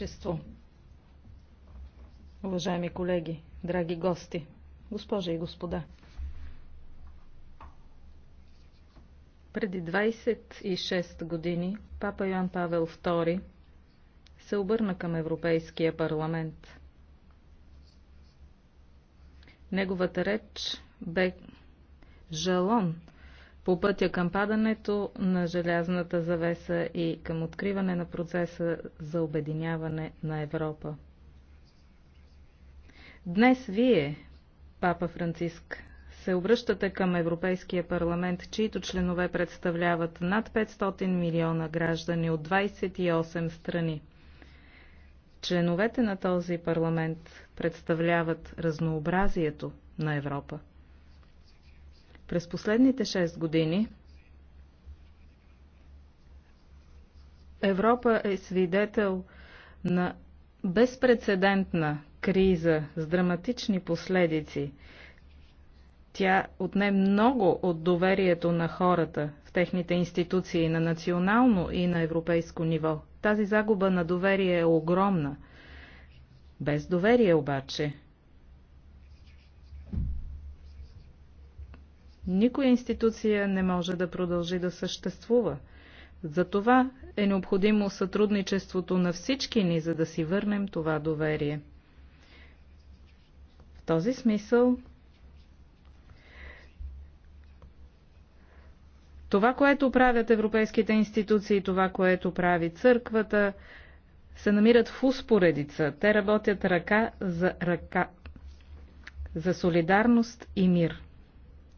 Христо. Уважаеми колеги, драги гости, госпожи и господа. Преди 26 години папа Йоан Павел II се обърна към Европейския парламент. Неговата реч бе жалон по пътя към падането на желязната завеса и към откриване на процеса за обединяване на Европа. Днес вие, папа Франциск, се обръщате към Европейския парламент, чието членове представляват над 500 милиона граждани от 28 страни. Членовете на този парламент представляват разнообразието на Европа. През последните 6 години Европа е свидетел на безпредседентна криза с драматични последици. Тя отне много от доверието на хората в техните институции на национално и на европейско ниво. Тази загуба на доверие е огромна. Без доверие обаче Никоя институция не може да продължи да съществува. Затова е необходимо сътрудничеството на всички ни, за да си върнем това доверие. В този смисъл Това, което правят европейските институции, това, което прави църквата, се намират в успоредица. Те работят ръка за ръка, за солидарност и мир.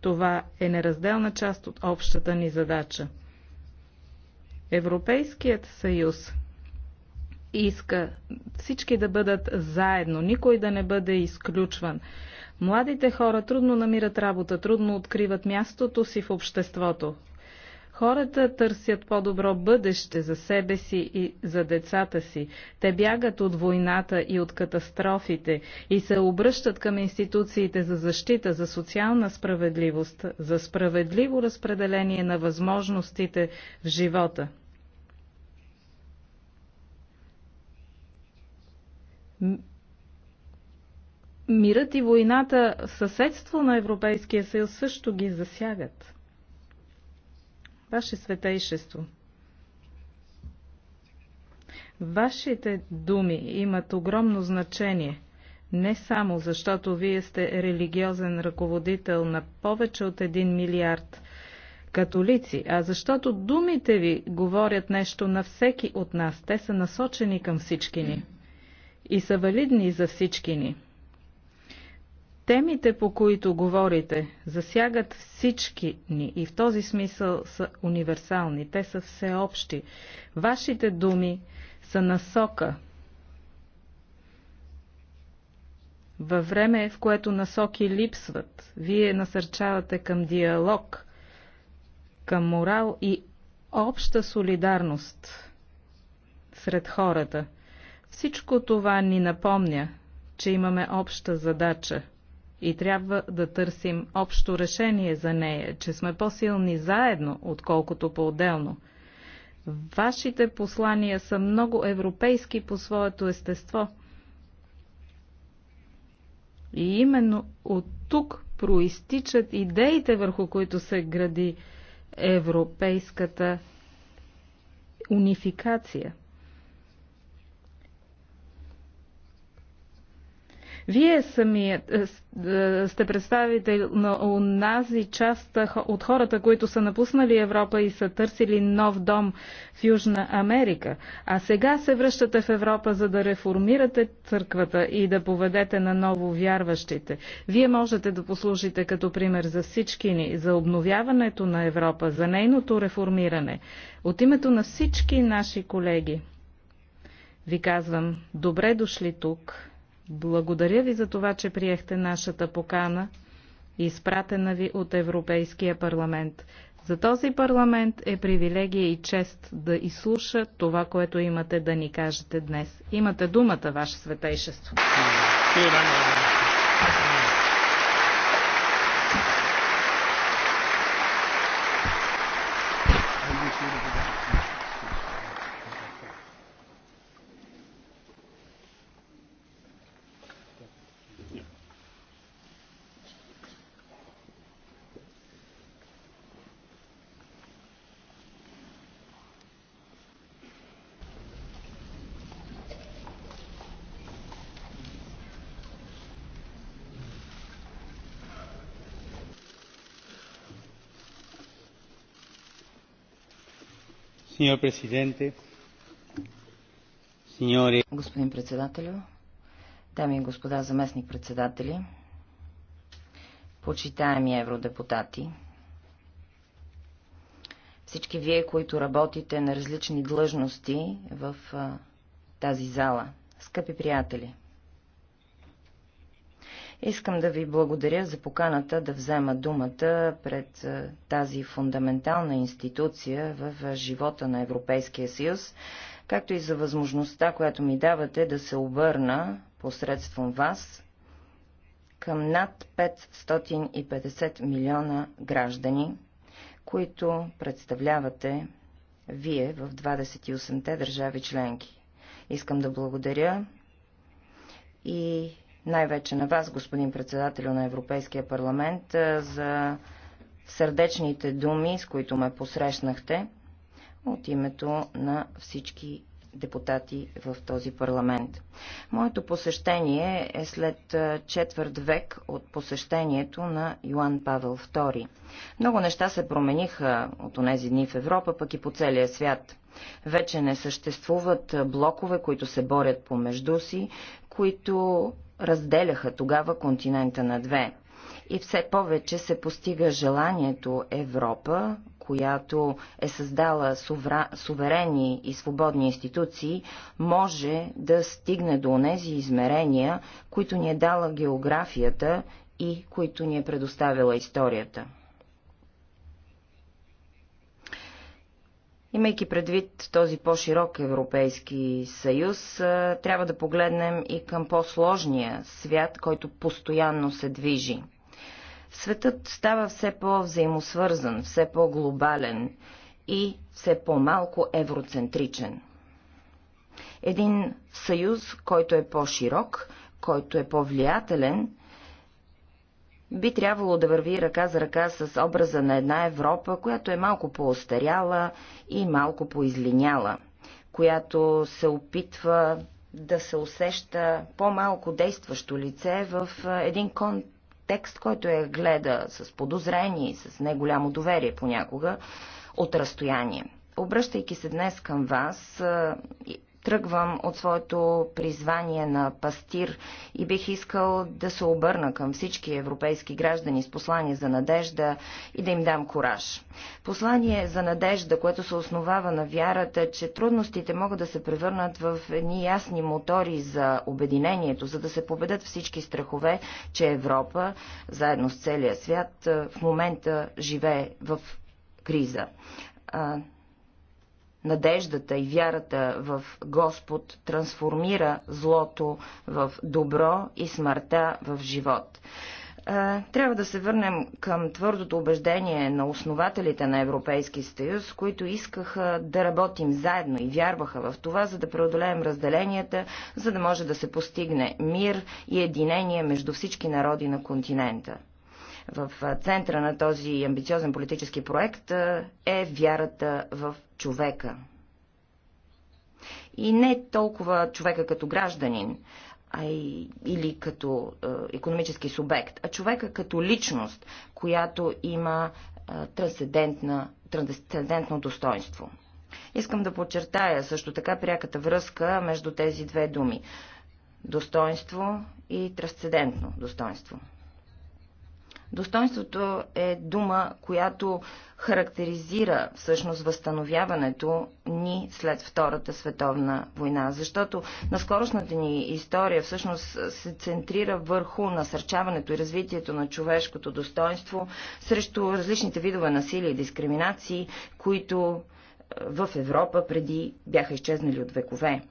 Това е неразделна част от общата ни задача. Европейският съюз иска всички да бъдат заедно, никой да не бъде изключван. Младите хора трудно намират работа, трудно откриват мястото си в обществото. Хората търсят по-добро бъдеще за себе си и за децата си. Те бягат от войната и от катастрофите и се обръщат към институциите за защита, за социална справедливост, за справедливо разпределение на възможностите в живота. Мирът и войната в съседство на Европейския съюз също ги засягат. Ваше светейшество, Вашите думи имат огромно значение, не само защото вие сте религиозен ръководител на повече от един милиард католици, а защото думите ви говорят нещо на всеки от нас. Те са насочени към всички ни и са валидни за всички ни. Темите, по които говорите, засягат всички ни и в този смисъл са универсални, те са всеобщи. Вашите думи са насока. Във време, в което насоки липсват, вие насърчавате към диалог, към морал и обща солидарност сред хората. Всичко това ни напомня, че имаме обща задача – и трябва да търсим общо решение за нея, че сме по-силни заедно, отколкото по-отделно. Вашите послания са много европейски по своето естество. И именно от тук проистичат идеите, върху които се гради европейската унификация – Вие самият е, е, е, сте представител на онази част от хората, които са напуснали Европа и са търсили нов дом в Южна Америка. А сега се връщате в Европа, за да реформирате църквата и да поведете на ново вярващите. Вие можете да послужите като пример за всички ни, за обновяването на Европа, за нейното реформиране. От името на всички наши колеги ви казвам, добре дошли тук благодаря ви за това, че приехте нашата покана, изпратена ви от Европейския парламент. За този парламент е привилегия и чест да изслуша това, което имате да ни кажете днес. Имате думата, Ваше Светейшество. Благодаря. президенте, Господин председател, дами и господа заместник председатели, почитаеми евродепутати, всички вие, които работите на различни длъжности в тази зала, скъпи приятели – Искам да ви благодаря за поканата да взема думата пред тази фундаментална институция в живота на Европейския съюз, както и за възможността, която ми давате да се обърна посредством вас към над 550 милиона граждани, които представлявате вие в 28-те държави членки. Искам да благодаря и най-вече на вас, господин председател на Европейския парламент, за сърдечните думи, с които ме посрещнахте от името на всички депутати в този парламент. Моето посещение е след четвърт век от посещението на Йоан Павел II. Много неща се промениха от тези дни в Европа, пък и по целия свят. Вече не съществуват блокове, които се борят помежду си, които разделяха тогава континента на две. И все повече се постига желанието Европа, която е създала суверени и свободни институции, може да стигне до онези измерения, които ни е дала географията и които ни е предоставила историята. Имайки предвид този по-широк Европейски съюз, трябва да погледнем и към по-сложния свят, който постоянно се движи. Светът става все по-взаимосвързан, все по-глобален и все по-малко евроцентричен. Един съюз, който е по-широк, който е по-влиятелен би трябвало да върви ръка за ръка с образа на една Европа, която е малко по-остаряла и малко по-излиняла, която се опитва да се усеща по-малко действащо лице в един контекст, който я гледа с подозрение и с неголямо доверие понякога от разстояние. Обръщайки се днес към вас, тръгвам от своето призвание на пастир и бих искал да се обърна към всички европейски граждани с послание за надежда и да им дам кураж. Послание за надежда, което се основава на вярата, че трудностите могат да се превърнат в едни ясни мотори за обединението, за да се победат всички страхове, че Европа, заедно с целия свят, в момента живее в криза Надеждата и вярата в Господ трансформира злото в добро и смъртта в живот е, трябва да се върнем към твърдото убеждение на основателите на Европейски съюз, които искаха да работим заедно и вярваха в това, за да преодолеем разделенията, за да може да се постигне мир и единение между всички народи на континента. В центъра на този амбициозен политически проект е вярата в човека. И не толкова човека като гражданин, а и, или като е, економически субект, а човека като личност, която има е, трансцендентно достоинство. Искам да подчертая също така пряката връзка между тези две думи достоинство и трансцендентно достоинство. Достоинството е дума, която характеризира всъщност възстановяването ни след Втората световна война, защото на скоростната ни история всъщност се центрира върху насърчаването и развитието на човешкото достоинство срещу различните видове насилие и дискриминации, които е, в Европа преди бяха изчезнали от векове е,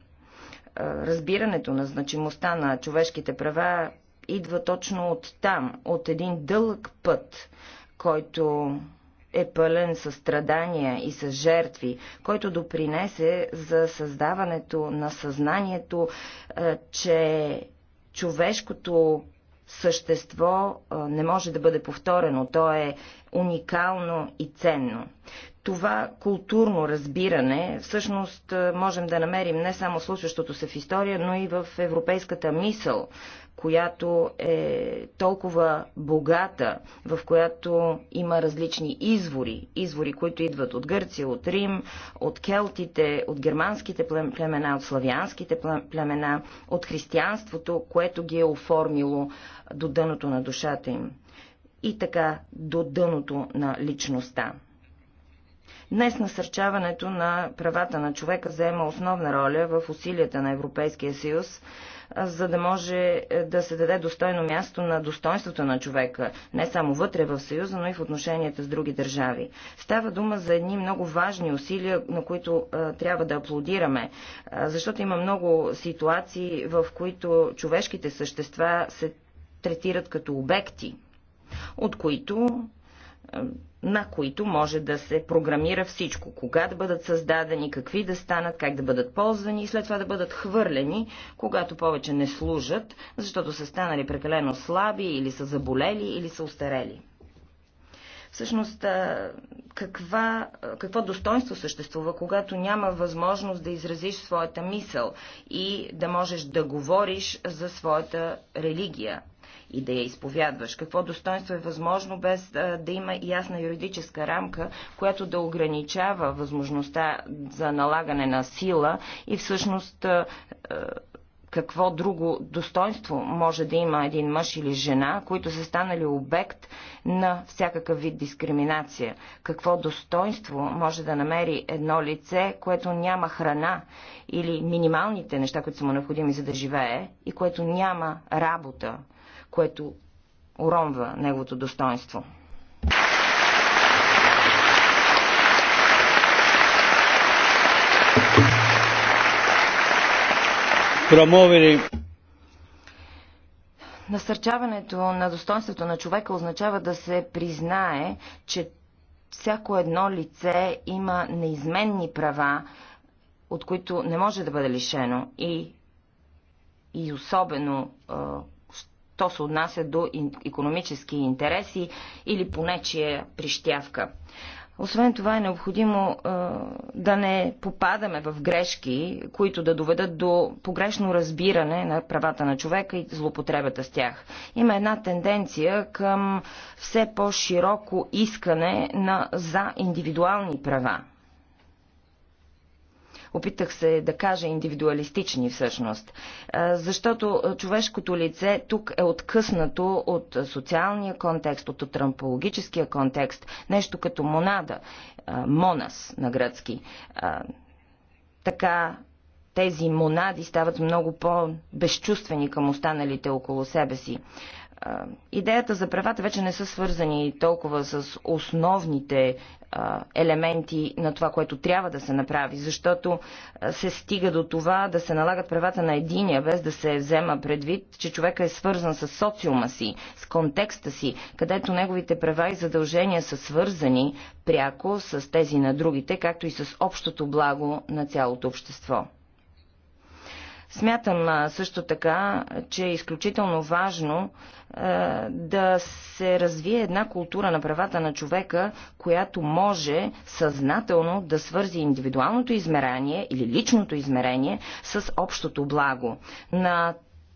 разбирането на значимостта на човешките права идва точно от там, от един дълъг път, който е пълен със страдания и с жертви, който допринесе за създаването на съзнанието, е, че човешкото същество е, не може да бъде повторено. То е уникално и ценно това културно разбиране всъщност можем да намерим не само случващото се в история, но и в европейската мисъл, която е толкова богата, в която има различни извори. Извори, които идват от Гърция, от Рим, от келтите, от германските племена, от славянските племена, от християнството, което ги е оформило до дъното на душата им. И така до дъното на личността. Днес насърчаването на правата на човека заема основна роля в усилията на Европейския съюз за да може е, да се даде достойно място на достоинството на човека, не само вътре в Съюза, но и в отношенията с други държави. Става дума за едни много важни усилия, на които а, е, трябва да аплодираме, а, е, защото има много ситуации, в които човешките същества се третират като обекти, от които а, на които може да се програмира всичко. Кога да бъдат създадени, какви да станат, как да бъдат ползвани и след това да бъдат хвърлени, когато повече не служат, защото са станали прекалено слаби или са заболели или са устарели. Всъщност, каква, какво достоинство съществува, когато няма възможност да изразиш своята мисъл и да можеш да говориш за своята религия, и да я изповядваш? Какво достоинство е възможно без да има ясна юридическа рамка, която да ограничава възможността за налагане на сила и всъщност какво друго достоинство може да има един мъж или жена, които са станали обект на всякакъв вид дискриминация? Какво достоинство може да намери едно лице, което няма храна или минималните неща, които са му необходими за да живее и което няма работа? което уронва неговото достоинство. Промовили. Насърчаването на достоинството на човека означава да се признае, че всяко едно лице има неизменни права, от които не може да бъде лишено и, и особено то се отнася до економически интереси или понечия е прищявка. Освен това е необходимо да не попадаме в грешки, които да доведат до погрешно разбиране на правата на човека и злопотребата с тях. Има една тенденция към все по-широко искане на, за индивидуални права опитах се да кажа индивидуалистични всъщност, защото човешкото лице тук е откъснато от социалния контекст, от антропологическия контекст, нещо като монада, монас на гръцки. Така тези монади стават много по-безчувствени към останалите около себе си идеята за правата вече не са свързани толкова с основните елементи на това, което трябва да се направи, защото се стига до това да се налагат правата на единия, без да се взема предвид, че човека е свързан с социума си, с контекста си, където неговите права и задължения са свързани пряко с тези на другите, както и с общото благо на цялото общество. Смятам също така, че е изключително важно да се развие една култура на правата на човека, която може съзнателно да свързи индивидуалното измерение или личното измерение с общото благо. На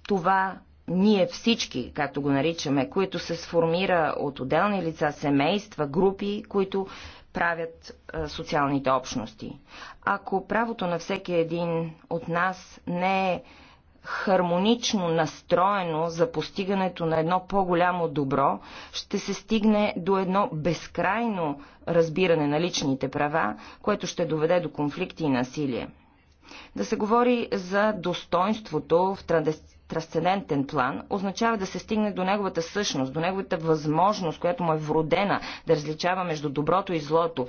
това ние всички, както го наричаме, които се сформира от отделни лица, семейства, групи, които правят социалните общности. Ако правото на всеки един от нас не е хармонично настроено за постигането на едно по-голямо добро, ще се стигне до едно безкрайно разбиране на личните права, което ще доведе до конфликти и насилие. Да се говори за достоинството в трансцендентен план означава да се стигне до неговата същност, до неговата възможност, която му е вродена да различава между доброто и злото,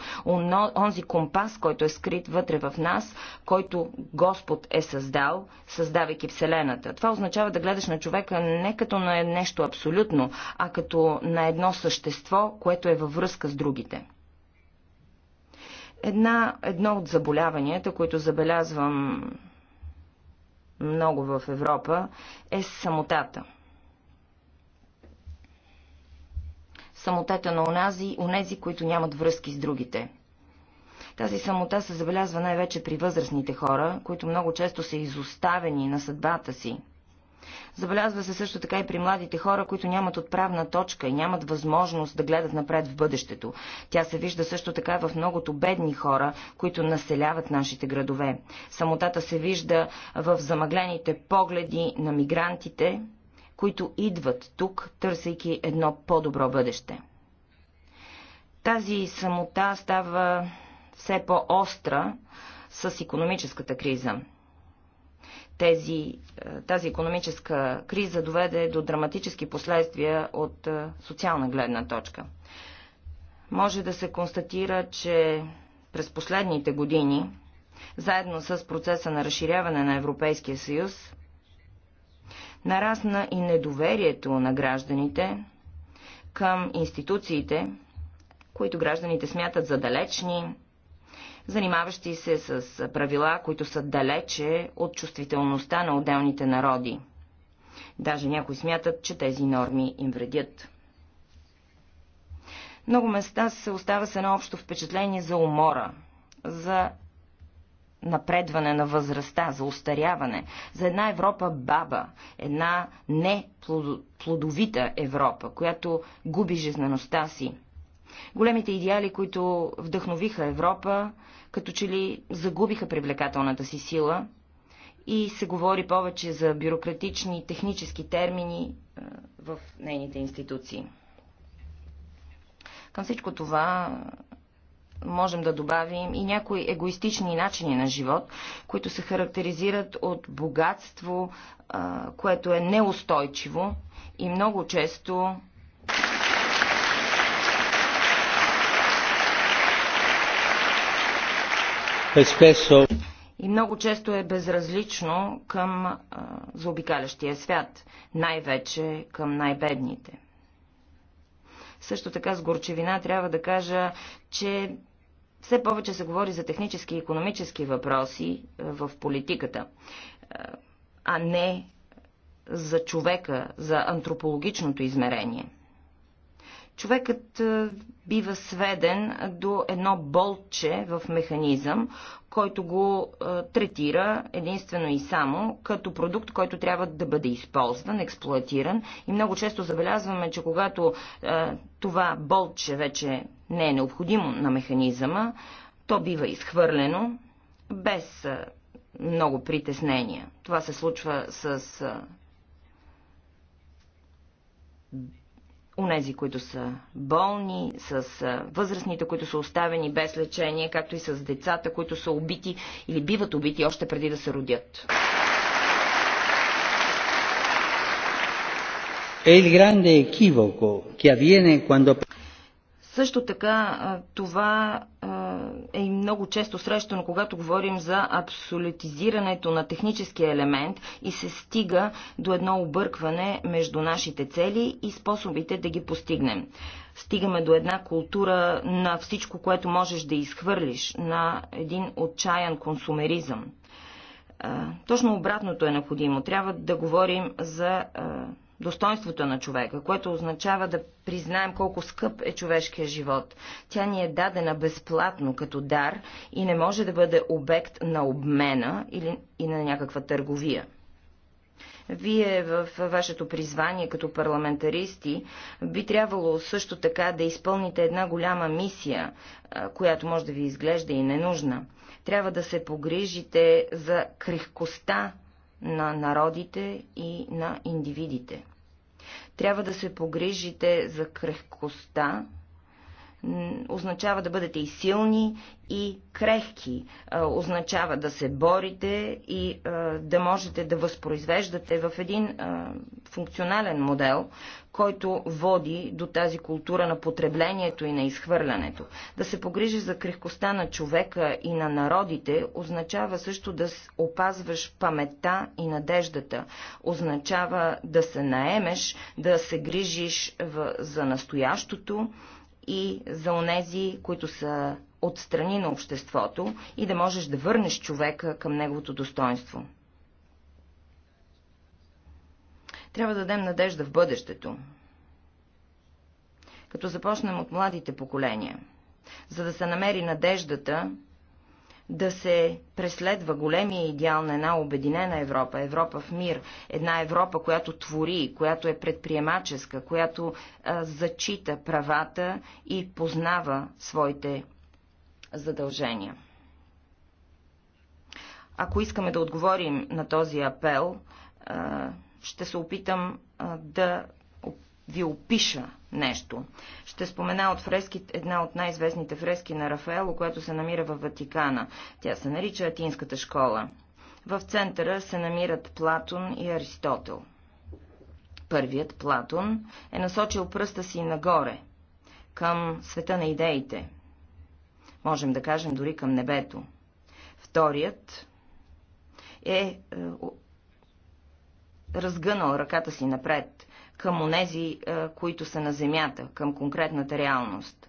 онзи компас, който е скрит вътре в нас, който Господ е създал, създавайки Вселената. Това означава да гледаш на човека не като на нещо абсолютно, а като на едно същество, което е във връзка с другите. Една, едно от заболяванията, които забелязвам много в Европа, е самотата. Самотата на унази, унези, които нямат връзки с другите. Тази самота се забелязва най-вече при възрастните хора, които много често са изоставени на съдбата си. Забелязва се също така и при младите хора, които нямат отправна точка и нямат възможност да гледат напред в бъдещето. Тя се вижда също така в многото бедни хора, които населяват нашите градове. Самотата се вижда в замъглените погледи на мигрантите, които идват тук, търсейки едно по-добро бъдеще. Тази самота става все по-остра с економическата криза тези, е, тази економическа криза доведе до драматически последствия от е, социална гледна точка. Може да се констатира, че през последните години, заедно с процеса на разширяване на Европейския съюз, нарасна и недоверието на гражданите към институциите, които гражданите смятат за далечни, занимаващи се с правила, които са далече от чувствителността на отделните народи. Даже някои смятат, че тези норми им вредят. Много места се остава с едно общо впечатление за умора, за напредване на възрастта, за устаряване, за една Европа баба, една неплодовита Европа, която губи жизнеността си. Големите идеали, които вдъхновиха Европа, като че ли загубиха привлекателната си сила и се говори повече за бюрократични технически термини е, в нейните институции. Към всичко това е, можем да добавим и някои егоистични начини на живот, които се характеризират от богатство, е, което е неустойчиво и много често и много често е безразлично към а, заобикалящия свят, най-вече към най-бедните. Също така с горчевина трябва да кажа, че все повече се говори за технически и економически въпроси в политиката, а не за човека, за антропологичното измерение – човекът е, бива сведен до едно болче в механизъм, който го е, третира единствено и само като продукт, който трябва да бъде използван, експлуатиран. И много често забелязваме, че когато е, това болче вече не е необходимо на механизъма, то бива изхвърлено без много притеснения. Това се случва с унези, които са болни, с възрастните, които са оставени без лечение, както и с децата, които са убити или биват убити още преди да се родят. Също така това е и много често срещано, когато говорим за абсолютизирането на техническия елемент и се стига до едно объркване между нашите цели и способите да ги постигнем. Стигаме до една култура на всичко, което можеш да изхвърлиш, на един отчаян консумеризъм. Точно обратното е необходимо. Трябва да говорим за достоинството на човека, което означава да признаем колко скъп е човешкия живот. Тя ни е дадена безплатно като дар и не може да бъде обект на обмена или и на някаква търговия. Вие в вашето призвание като парламентаристи би трябвало също така да изпълните една голяма мисия, която може да ви изглежда и ненужна. Трябва да се погрижите за крехкостта на народите и на индивидите. Трябва да се погрижите за крехкостта, означава да бъдете и силни, и крехки, означава да се борите и да можете да възпроизвеждате в един функционален модел, който води до тази култура на потреблението и на изхвърлянето. Да се погрижи за крехкостта на човека и на народите означава също да опазваш паметта и надеждата. Означава да се наемеш, да се грижиш в, за настоящото и за онези, които са отстрани на обществото и да можеш да върнеш човека към неговото достоинство. Трябва да дадем надежда в бъдещето, като започнем от младите поколения, за да се намери надеждата да се преследва големия идеал на една обединена Европа, Европа в мир, една Европа, която твори, която е предприемаческа, която а, зачита правата и познава своите задължения. Ако искаме да отговорим на този апел, а, ще се опитам да ви опиша нещо. Ще спомена от фрески, една от най-известните фрески на Рафаело, която се намира в Ватикана. Тя се нарича Атинската школа. В центъра се намират Платон и Аристотел. Първият, Платон, е насочил пръста си нагоре, към света на идеите. Можем да кажем дори към небето. Вторият е, е разгънал ръката си напред към онези, е, които са на земята, към конкретната реалност.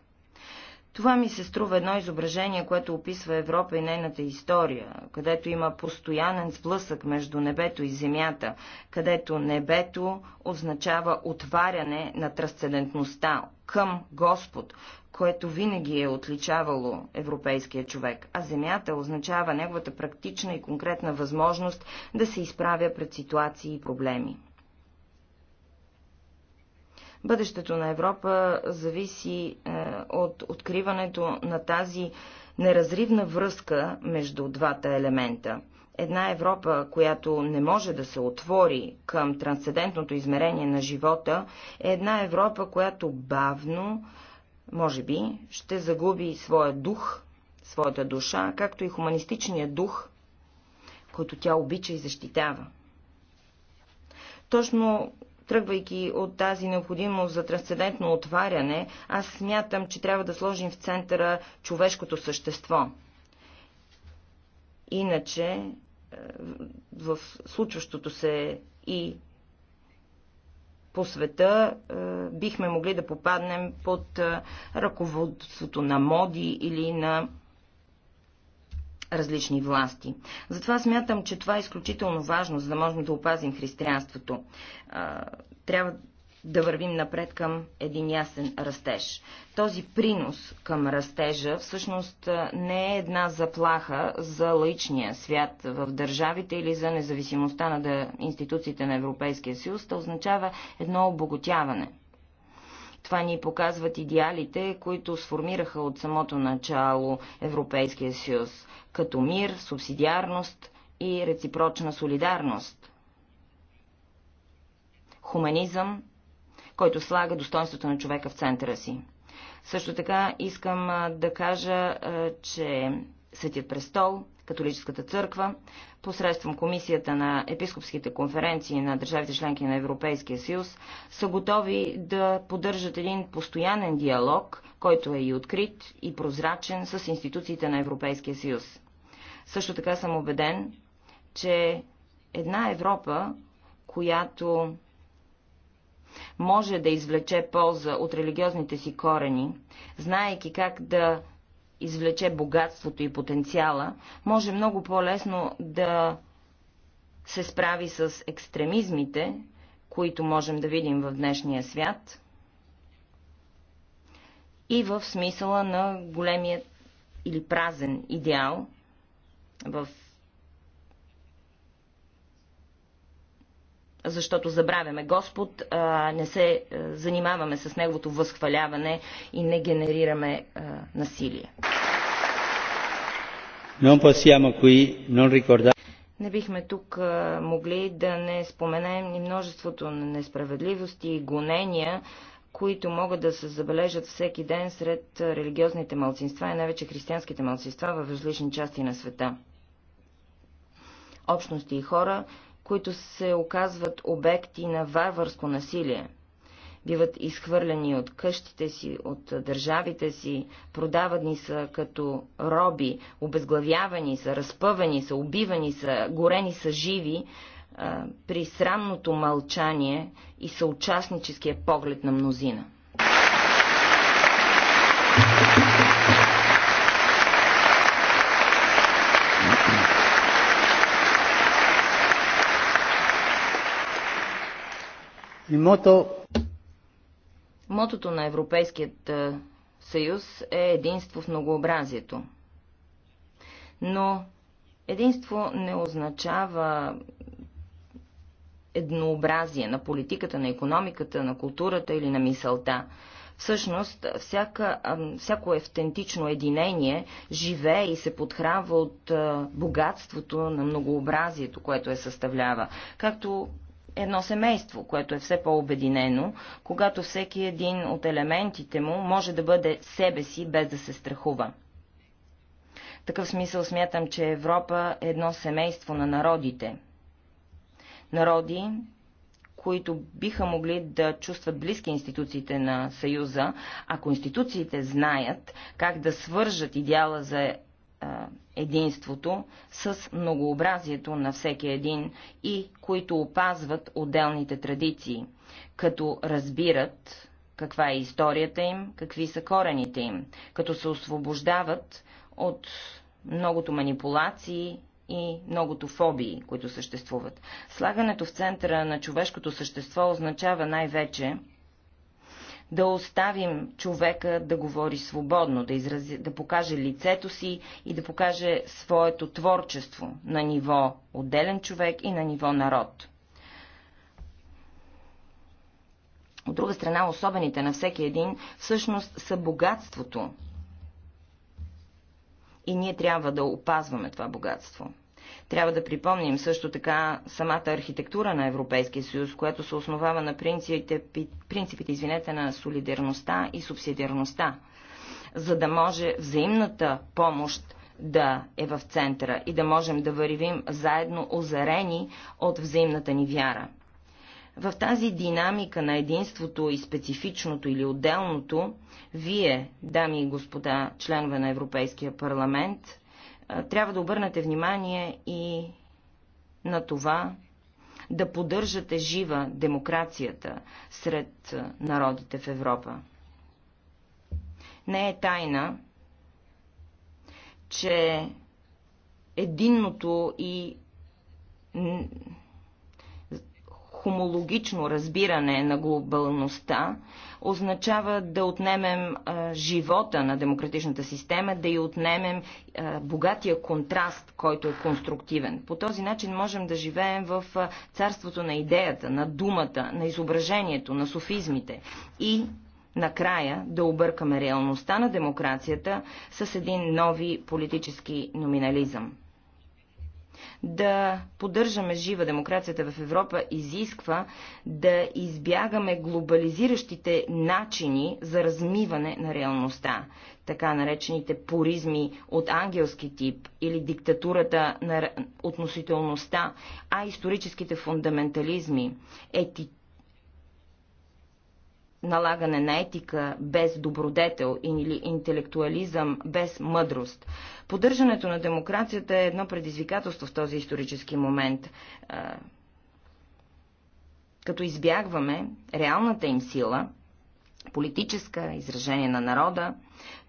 Това ми се струва едно изображение, което описва Европа и нейната история, където има постоянен сблъсък между небето и земята, където небето означава отваряне на трансцендентността, към Господ, което винаги е отличавало европейския човек, а земята означава неговата практична и конкретна възможност да се изправя пред ситуации и проблеми. Бъдещето на Европа зависи е, от откриването на тази неразривна връзка между двата елемента една Европа, която не може да се отвори към трансцендентното измерение на живота, е една Европа, която бавно, може би, ще загуби своя дух, своята душа, както и хуманистичния дух, който тя обича и защитава. Точно тръгвайки от тази необходимост за трансцендентно отваряне, аз смятам, че трябва да сложим в центъра човешкото същество – Иначе е, в случващото се и по света е, бихме могли да попаднем под е, ръководството на моди или на различни власти. Затова смятам, че това е изключително важно, за да можем да опазим християнството. Трябва да вървим напред към един ясен растеж. Този принос към растежа всъщност не е една заплаха за лаичния свят в държавите или за независимостта на институциите на Европейския съюз, да означава едно обогатяване. Това ни показват идеалите, които сформираха от самото начало Европейския съюз, като мир, субсидиарност и реципрочна солидарност – хуманизъм който слага достоинството на човека в центъра си. Също така искам да кажа, че Светият престол, Католическата църква, посредством Комисията на епископските конференции на държавите членки на Европейския съюз, са готови да поддържат един постоянен диалог, който е и открит, и прозрачен с институциите на Европейския съюз. Също така съм убеден, че една Европа, която може да извлече полза от религиозните си корени, знаеки как да извлече богатството и потенциала, може много по-лесно да се справи с екстремизмите, които можем да видим в днешния свят, и в смисъла на големия или празен идеал в защото забравяме Господ, а, не се е, занимаваме с Неговото възхваляване и не генерираме а, е, насилие. Не бихме тук е, могли да не споменем и множеството на несправедливости и гонения, които могат да се забележат всеки ден сред религиозните малцинства и най-вече християнските малцинства в различни части на света. Общности и хора, които се оказват обекти на варварско насилие. Биват изхвърлени от къщите си, от държавите си, продавани са като роби, обезглавявани са, разпъвани са, убивани са, горени са живи а, при срамното мълчание и съучастническия поглед на мнозина. И мото... Мотото на Европейският е, съюз е единство в многообразието. Но единство не означава еднообразие на политиката, на економиката, на културата или на мисълта. Всъщност, всяка, всяко автентично единение живее и се подхрава от богатството на многообразието, което е съставлява. Както едно семейство, което е все по-обединено, когато всеки един от елементите му може да бъде себе си, без да се страхува. такъв смисъл смятам, че Европа е едно семейство на народите. Народи, които биха могли да чувстват близки институциите на Съюза, ако институциите знаят как да свържат идеала за единството с многообразието на всеки един и които опазват отделните традиции, като разбират каква е историята им, какви са корените им, като се освобождават от многото манипулации и многото фобии, които съществуват. Слагането в центъра на човешкото същество означава най-вече да оставим човека да говори свободно, да, изрази, да покаже лицето си и да покаже своето творчество на ниво отделен човек и на ниво народ. От друга страна, особените на всеки един всъщност са богатството. И ние трябва да опазваме това богатство. Трябва да припомним също така самата архитектура на Европейския съюз, която се основава на принципите, принципите извинете, на солидарността и субсидиарността, за да може взаимната помощ да е в центъра и да можем да вървим заедно озарени от взаимната ни вяра. В тази динамика на единството и специфичното или отделното, вие, дами и господа, членове на Европейския парламент, трябва да обърнете внимание и на това да поддържате жива демокрацията сред народите в Европа. Не е тайна, че единното и хомологично разбиране на глобалността означава да отнемем а, живота на демократичната система, да й отнемем а, богатия контраст, който е конструктивен. По този начин можем да живеем в а, царството на идеята, на думата, на изображението, на софизмите и накрая да объркаме реалността на демокрацията с един нови политически номинализъм да поддържаме жива демокрацията в Европа изисква да избягаме глобализиращите начини за размиване на реалността. Така наречените поризми от ангелски тип или диктатурата на относителността, а историческите фундаментализми, ети, налагане на етика без добродетел или интелектуализъм без мъдрост. Поддържането на демокрацията е едно предизвикателство в този исторически момент, като избягваме реалната им сила, политическа, изражение на народа,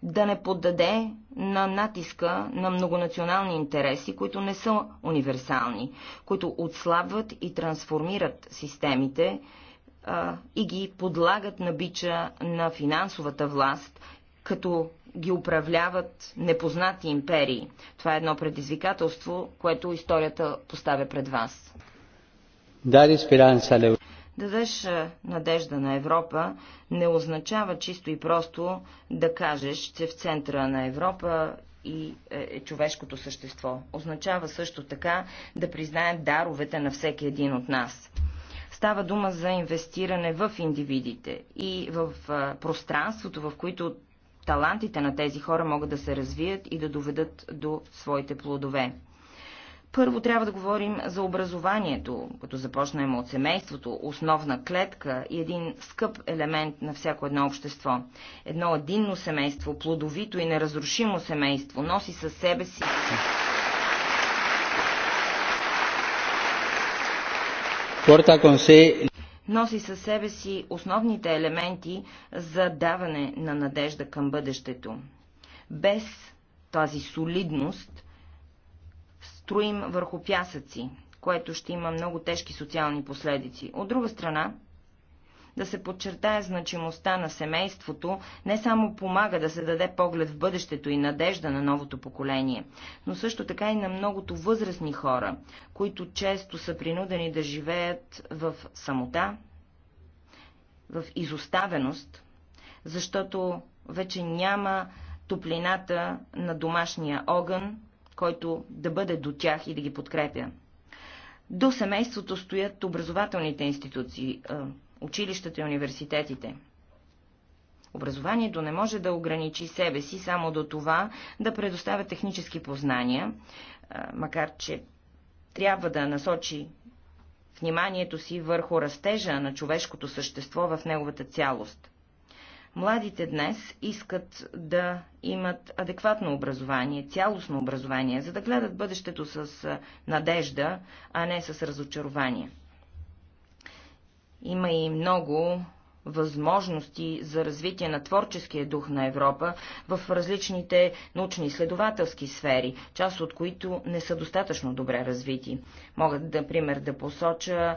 да не поддаде на натиска на многонационални интереси, които не са универсални, които отслабват и трансформират системите, а, и ги подлагат на бича на финансовата власт, като ги управляват непознати империи. Това е едно предизвикателство, което историята поставя пред вас. Дадеш надежда на Европа не означава чисто и просто да кажеш, че в центъра на Европа и е, е човешкото същество. Означава също така да признаем даровете на всеки един от нас. Става дума за инвестиране в индивидите и в пространството, в които талантите на тези хора могат да се развият и да доведат до своите плодове. Първо трябва да говорим за образованието, като започнем от семейството, основна клетка и един скъп елемент на всяко едно общество. Едно единно семейство, плодовито и неразрушимо семейство носи със себе си Носи със себе си основните елементи за даване на надежда към бъдещето. Без тази солидност строим върху пясъци, което ще има много тежки социални последици. От друга страна, да се подчертае значимостта на семейството не само помага да се даде поглед в бъдещето и надежда на новото поколение, но също така и на многото възрастни хора, които често са принудени да живеят в самота, в изоставеност, защото вече няма топлината на домашния огън, който да бъде до тях и да ги подкрепя. До семейството стоят образователните институции, училищата и университетите. Образованието не може да ограничи себе си само до това да предоставя технически познания, макар че трябва да насочи вниманието си върху растежа на човешкото същество в неговата цялост. Младите днес искат да имат адекватно образование, цялостно образование, за да гледат бъдещето с надежда, а не с разочарование. Има и много възможности за развитие на творческия дух на Европа в различните научни изследователски сфери, част от които не са достатъчно добре развити. Могат, например, да посоча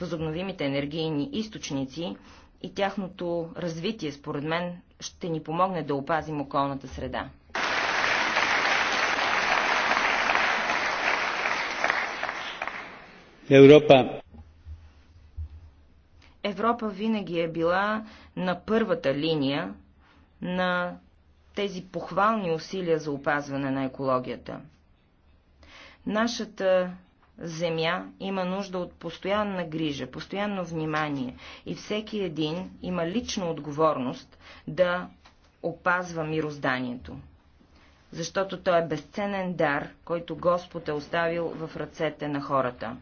възобновимите енергийни източници и тяхното развитие, според мен, ще ни помогне да опазим околната среда. Европа Европа винаги е била на първата линия на тези похвални усилия за опазване на екологията. Нашата земя има нужда от постоянна грижа, постоянно внимание и всеки един има лична отговорност да опазва мирозданието, защото той е безценен дар, който Господ е оставил в ръцете на хората.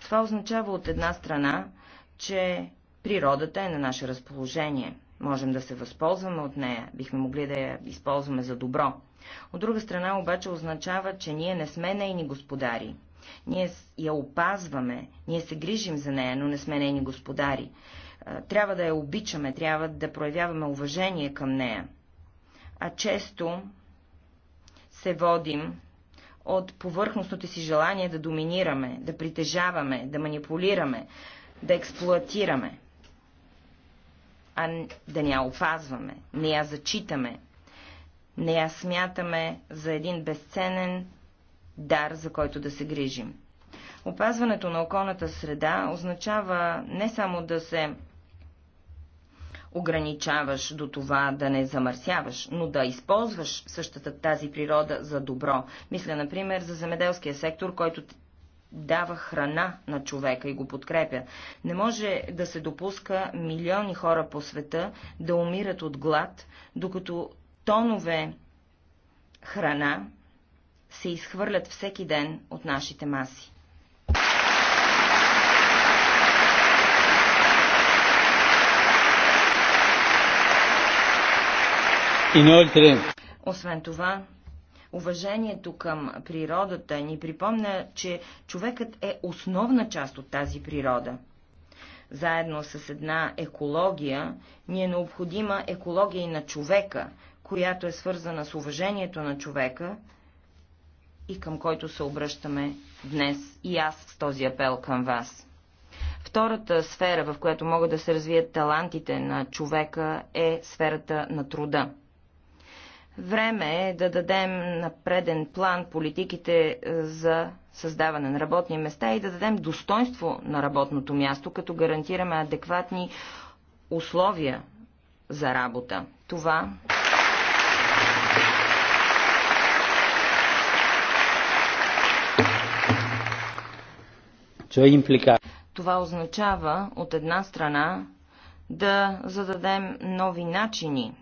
Това означава от една страна че природата е на наше разположение. Можем да се възползваме от нея, бихме могли да я използваме за добро. От друга страна обаче означава, че ние не сме нейни господари. Ние я опазваме, ние се грижим за нея, но не сме нейни господари. Трябва да я обичаме, трябва да проявяваме уважение към нея. А често се водим от повърхностното си желание да доминираме, да притежаваме, да манипулираме, да експлуатираме, а да не я опазваме, не я зачитаме, не я смятаме за един безценен дар, за който да се грижим. Опазването на околната среда означава не само да се ограничаваш до това да не замърсяваш, но да използваш същата тази природа за добро. Мисля, например, за земеделския сектор, който дава храна на човека и го подкрепя. Не може да се допуска милиони хора по света да умират от глад, докато тонове храна се изхвърлят всеки ден от нашите маси. Освен това, Уважението към природата ни припомня, че човекът е основна част от тази природа. Заедно с една екология ни е необходима екология и на човека, която е свързана с уважението на човека и към който се обръщаме днес и аз с този апел към вас. Втората сфера, в която могат да се развият талантите на човека, е сферата на труда. Време е да дадем на преден план политиките е, за създаване на работни места и да дадем достоинство на работното място, като гарантираме адекватни условия за работа. Това Това означава, от една страна, да зададем нови начини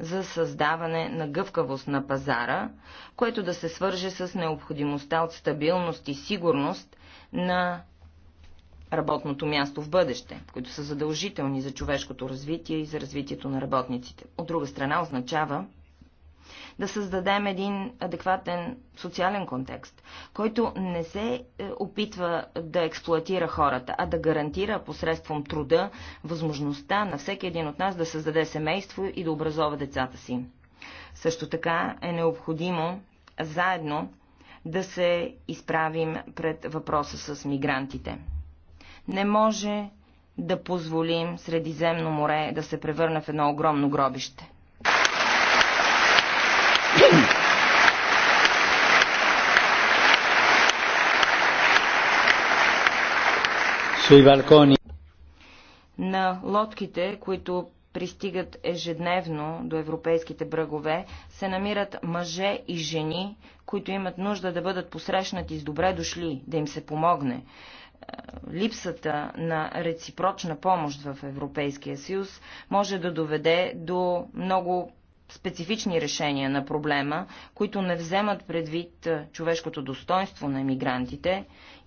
за създаване на гъвкавост на пазара, което да се свърже с необходимостта от стабилност и сигурност на работното място в бъдеще, които са задължителни за човешкото развитие и за развитието на работниците. От друга страна означава да създадем един адекватен социален контекст, който не се е, опитва да експлуатира хората, а да гарантира посредством труда възможността на всеки един от нас да създаде семейство и да образова децата си. Също така е необходимо заедно да се изправим пред въпроса с мигрантите. Не може да позволим Средиземно море да се превърне в едно огромно гробище. Sui balconi. На лодките, които пристигат ежедневно до европейските брагове, се намират мъже и жени, които имат нужда да бъдат посрещнати с добре дошли, да им се помогне. Е, липсата на реципрочна помощ в Европейския съюз може да доведе до много специфични решения на проблема, които не вземат предвид човешкото достоинство на емигрантите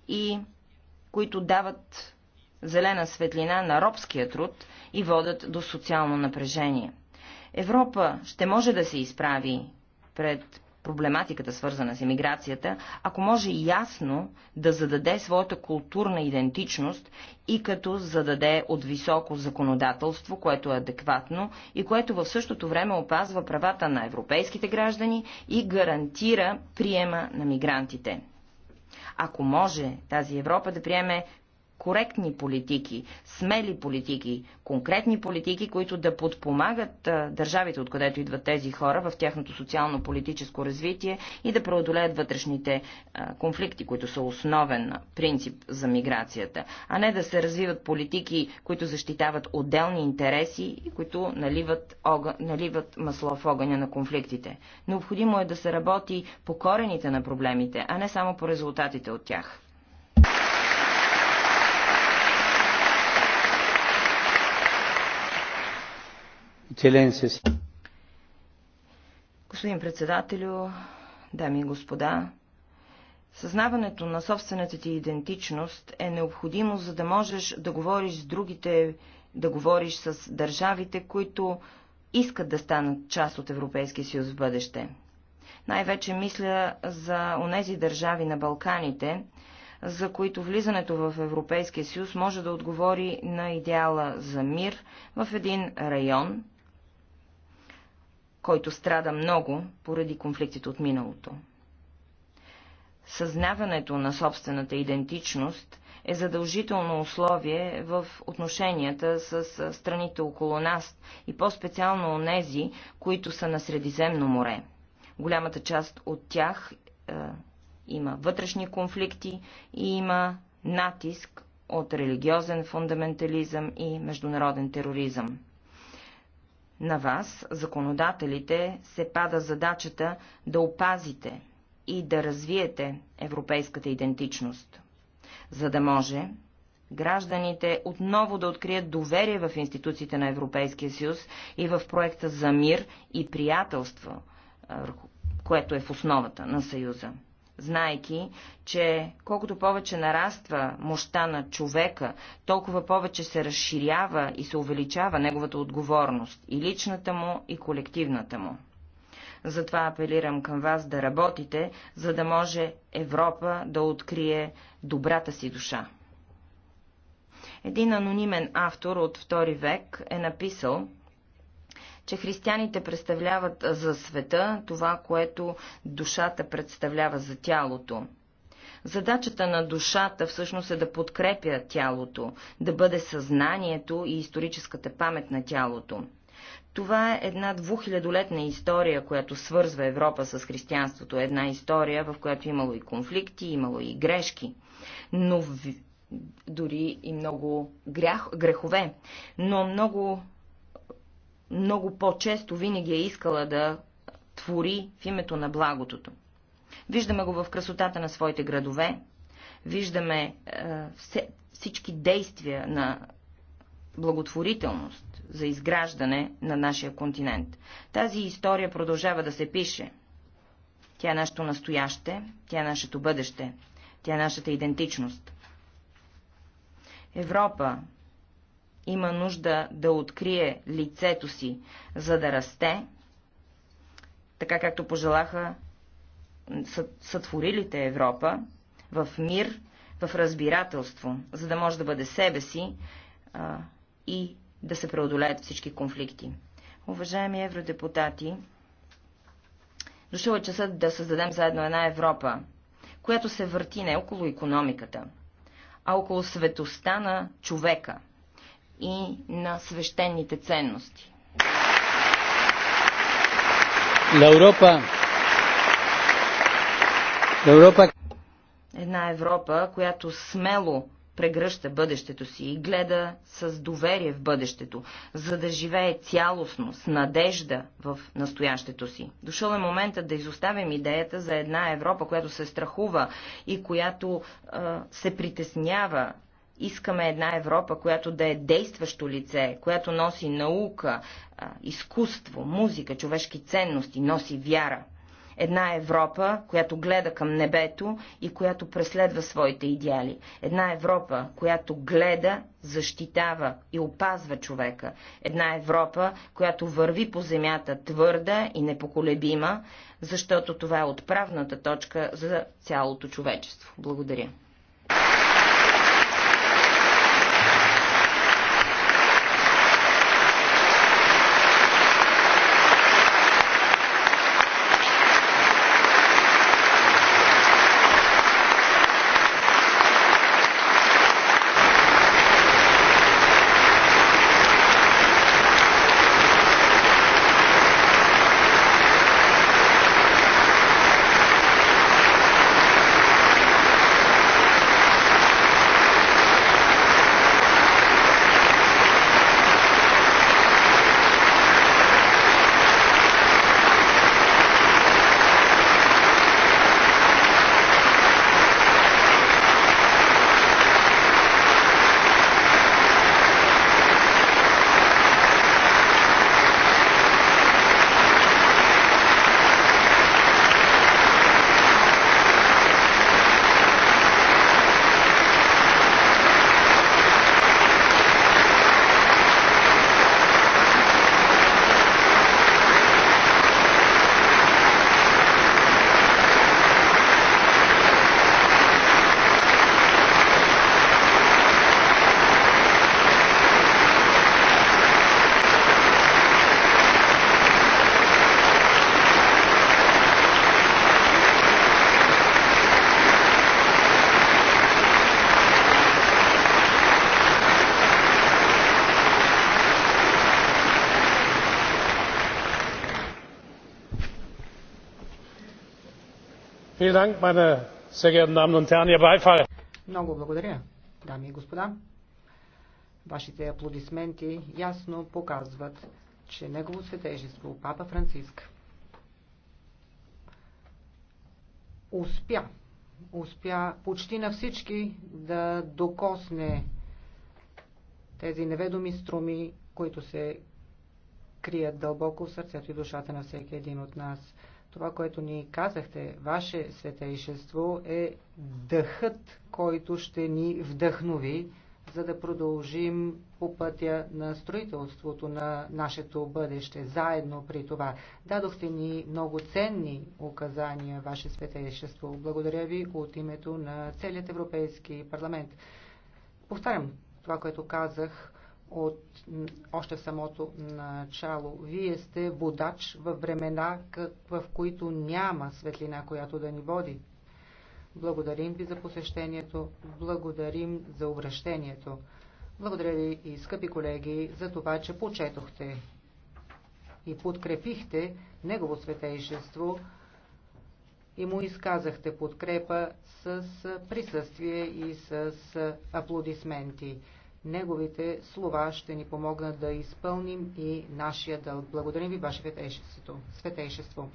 и които дават зелена светлина на робския труд и водят до социално напрежение. Европа ще може да се изправи пред проблематиката, свързана с емиграцията, ако може ясно да зададе своята културна идентичност и като зададе от високо законодателство, което е адекватно и което в същото време опазва правата на европейските граждани и гарантира приема на мигрантите. Ако може тази Европа да приеме коректни политики, смели политики, конкретни политики, които да подпомагат държавите, откъдето идват тези хора в тяхното социално-политическо развитие и да преодолеят вътрешните конфликти, които са основен принцип за миграцията, а не да се развиват политики, които защитават отделни интереси и които наливат, огън, наливат масло в огъня на конфликтите. Необходимо е да се работи по корените на проблемите, а не само по резултатите от тях. Господин председателю, дами и господа, съзнаването на собствената ти идентичност е необходимо, за да можеш да говориш с другите, да говориш с държавите, които искат да станат част от Европейския съюз в бъдеще. Най-вече мисля за онези държави на Балканите, за които влизането в Европейския съюз може да отговори на идеала за мир в един район, който страда много поради конфликтите от миналото. Съзнаването на собствената идентичност е задължително условие в отношенията с страните около нас и по-специално онези, които са на Средиземно море. Голямата част от тях е, има вътрешни конфликти и има натиск от религиозен фундаментализъм и международен тероризъм. На вас, законодателите, се пада задачата да опазите и да развиете европейската идентичност, за да може гражданите отново да открият доверие в институциите на Европейския съюз и в проекта за мир и приятелство, което е в основата на съюза знайки, че колкото повече нараства мощта на човека, толкова повече се разширява и се увеличава неговата отговорност и личната му, и колективната му. Затова апелирам към вас да работите, за да може Европа да открие добрата си душа. Един анонимен автор от II век е написал, че християните представляват за света това, което душата представлява за тялото. Задачата на душата всъщност е да подкрепя тялото, да бъде съзнанието и историческата памет на тялото. Това е една двухилядолетна история, която свързва Европа с християнството. Една история, в която имало и конфликти, имало и грешки, но дори и много грехове. Но много много по-често винаги е искала да твори в името на благотото. Виждаме го в красотата на своите градове, виждаме е, всички действия на благотворителност за изграждане на нашия континент. Тази история продължава да се пише. Тя е нашето настояще, тя е нашето бъдеще, тя е нашата идентичност. Европа има нужда да открие лицето си, за да расте, така както пожелаха сътворилите Европа, в мир, в разбирателство, за да може да бъде себе си а, и да се преодолеят всички конфликти. Уважаеми евродепутати, дошъл е часът да създадем заедно една Европа, която се върти не около економиката, а около светостта на човека – и на свещените ценности. Европа. Европа. Една Европа, която смело прегръща бъдещето си и гледа с доверие в бъдещето, за да живее цялостно, с надежда в настоящето си. Дошъл е момента да изоставим идеята за една Европа, която се страхува и която е, се притеснява искаме една Европа, която да е действащо лице, която носи наука, изкуство, музика, човешки ценности, носи вяра. Една Европа, която гледа към небето и която преследва своите идеали. Една Европа, която гледа, защитава и опазва човека. Една Европа, която върви по земята твърда и непоколебима, защото това е отправната точка за цялото човечество. Благодаря. Много благодаря, дами и господа. Вашите аплодисменти ясно показват, че Негово Светежество, Папа Франциск, успя, успя почти на всички да докосне тези неведоми струми, които се крият дълбоко в сърцето и душата на всеки един от нас. Това, което ни казахте, ваше светейшество, е дъхът, който ще ни вдъхнови, за да продължим по пътя на строителството на нашето бъдеще, заедно при това. Дадохте ни много ценни указания, Ваше Светейшество. Благодаря Ви от името на целият Европейски парламент. Повтарям това, което казах от още самото начало. Вие сте водач във времена, в които няма светлина, която да ни води. Благодарим ви за посещението, благодарим за обращението. Благодаря ви и, скъпи колеги, за това, че почетохте и подкрепихте Негово светейшество и му изказахте подкрепа с присъствие и с аплодисменти. Неговите слова ще ни помогнат да изпълним и нашия дълг. Благодарим ви, Ваше Светейшество.